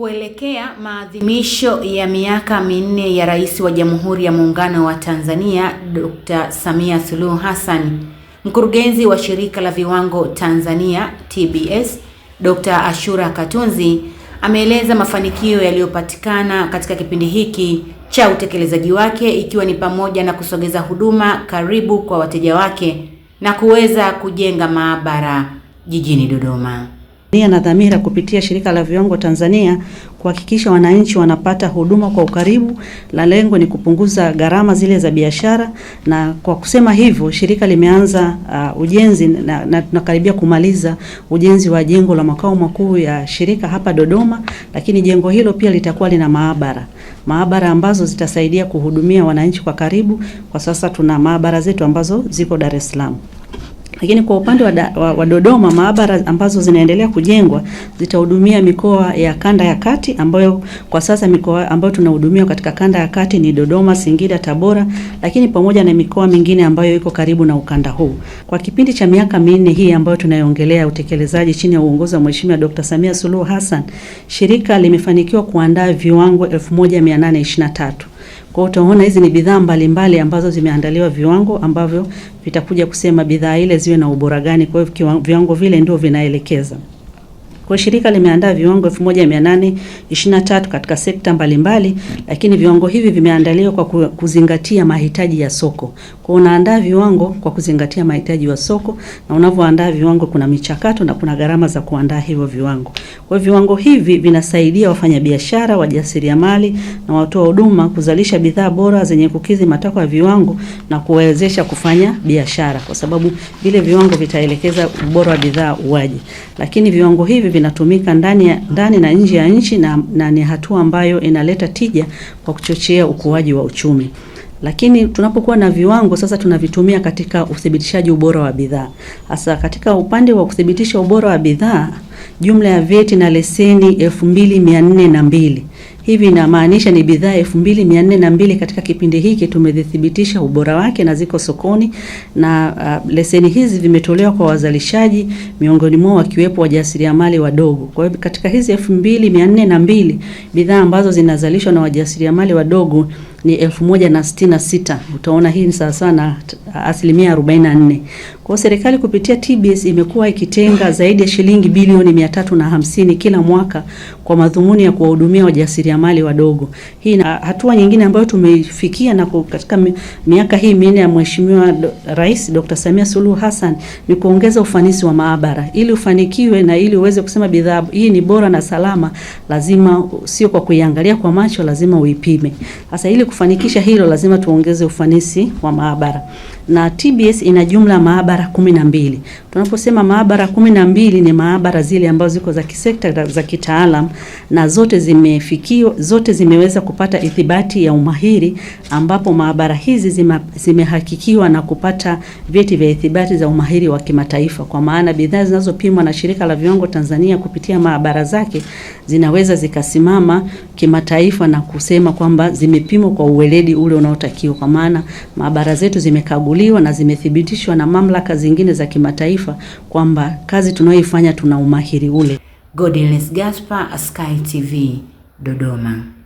Kuelekea maadhimisho ya miaka minne ya Rais wa Jamhuri ya Muungano wa Tanzania Dr. Samia Suluhu Hassan, Mkurugenzi wa Shirika la Viwango Tanzania TBS, Dr. Ashura Katunzi ameeleza mafanikio yaliyopatikana katika kipindi hiki cha utekelezaji wake ikiwa ni pamoja na kusogeza huduma karibu kwa wateja wake na kuweza kujenga maabara jijini Dodoma. Nia na dhamira kupitia shirika la viwango Tanzania kuhakikisha wananchi wanapata huduma kwa ukaribu, la lengo ni kupunguza gharama zile za biashara, na kwa kusema hivyo shirika limeanza uh, ujenzi na tunakaribia kumaliza ujenzi wa jengo la makao makuu ya shirika hapa Dodoma, lakini jengo hilo pia litakuwa lina maabara, maabara ambazo zitasaidia kuhudumia wananchi kwa karibu. Kwa sasa tuna maabara zetu ambazo ziko Dar es Salaam. Lakini kwa upande wa, wa, wa Dodoma, maabara ambazo zinaendelea kujengwa zitahudumia mikoa ya kanda ya kati ambayo kwa sasa mikoa ambayo tunahudumia katika kanda ya kati ni Dodoma, Singida, Tabora, lakini pamoja na mikoa mingine ambayo iko karibu na ukanda huu. Kwa kipindi cha miaka minne hii ambayo tunaiongelea utekelezaji chini ya uongozi wa Mheshimiwa Dr. Samia Suluhu Hassan, shirika limefanikiwa kuandaa viwango 1823 kwa utaona hizi ni bidhaa mbalimbali ambazo zimeandaliwa viwango ambavyo vitakuja kusema bidhaa ile ziwe na ubora gani. Kwa hiyo viwango vile ndio vinaelekeza. Kwa shirika limeandaa viwango 1823 katika sekta mbalimbali mbali, lakini viwango hivi vimeandaliwa kwa kuzingatia mahitaji ya soko. Kwa unaandaa viwango kwa kuzingatia mahitaji ya soko na unavyoandaa viwango kuna michakato na kuna gharama za kuandaa hivyo viwango. Kwa viwango hivi vinasaidia wafanyabiashara, wajasiriamali na watoa huduma kuzalisha bidhaa bora zenye kukidhi matakwa ya viwango na kuwawezesha kufanya biashara kwa sababu vile viwango vitaelekeza ubora wa bidhaa uwaje. Lakini viwango hivi vinatumika ndani, ndani na nje ya nchi na, na ni hatua ambayo inaleta tija kwa kuchochea ukuaji wa uchumi. Lakini tunapokuwa na viwango sasa, tunavitumia katika uthibitishaji ubora wa bidhaa. Hasa katika upande wa kuthibitisha ubora wa bidhaa, jumla ya vyeti na leseni elfu mbili mia nne na mbili Hivi inamaanisha ni bidhaa elfu mbili mia nne na mbili katika kipindi hiki tumezithibitisha ubora wake na ziko sokoni, na uh, leseni hizi zimetolewa kwa wazalishaji, miongoni mwao wakiwepo wajasiriamali wadogo. Kwa hiyo katika hizi elfu mbili mia nne na mbili bidhaa ambazo zinazalishwa na wajasiriamali wadogo ni elfu moja na sitini na sita. Utaona hii ni sawasawa na asilimia 44. Kwa serikali kupitia TBS imekuwa ikitenga zaidi ya shilingi bilioni mia tatu na hamsini kila mwaka kwa madhumuni ya kuwahudumia wajasiriamali wadogo. Hii na hatua nyingine ambayo tumefikia na katika miaka hii minne ya Mheshimiwa Rais Dr. Samia Suluhu Hassan ni kuongeza ufanisi wa maabara. Ili ufanikiwe na ili uweze kusema bidhaa hii ni bora na salama, lazima sio kwa kuiangalia kwa macho, lazima uipime. Sasa ili kufanikisha hilo lazima tuongeze ufanisi wa maabara na TBS ina jumla ya maabara kumi na mbili. Tunaposema maabara kumi na mbili ni maabara zile ambazo ziko za kisekta za kitaalam na zote zimefikio, zote zimeweza kupata ithibati ya umahiri ambapo maabara hizi zima, zimehakikiwa na kupata vyeti vya ithibati za umahiri wa kimataifa, kwa maana bidhaa zinazopimwa na shirika la viwango Tanzania kupitia maabara zake zinaweza zikasimama kimataifa na kusema kwamba zimepimwa kwa uweledi ule unaotakiwa, kwa maana maabara zetu zimekaguliwa zimetambuliwa na zimethibitishwa na mamlaka zingine za kimataifa kwamba kazi tunayoifanya tuna umahiri ule. Godiness Gaspar, Sky TV, Dodoma.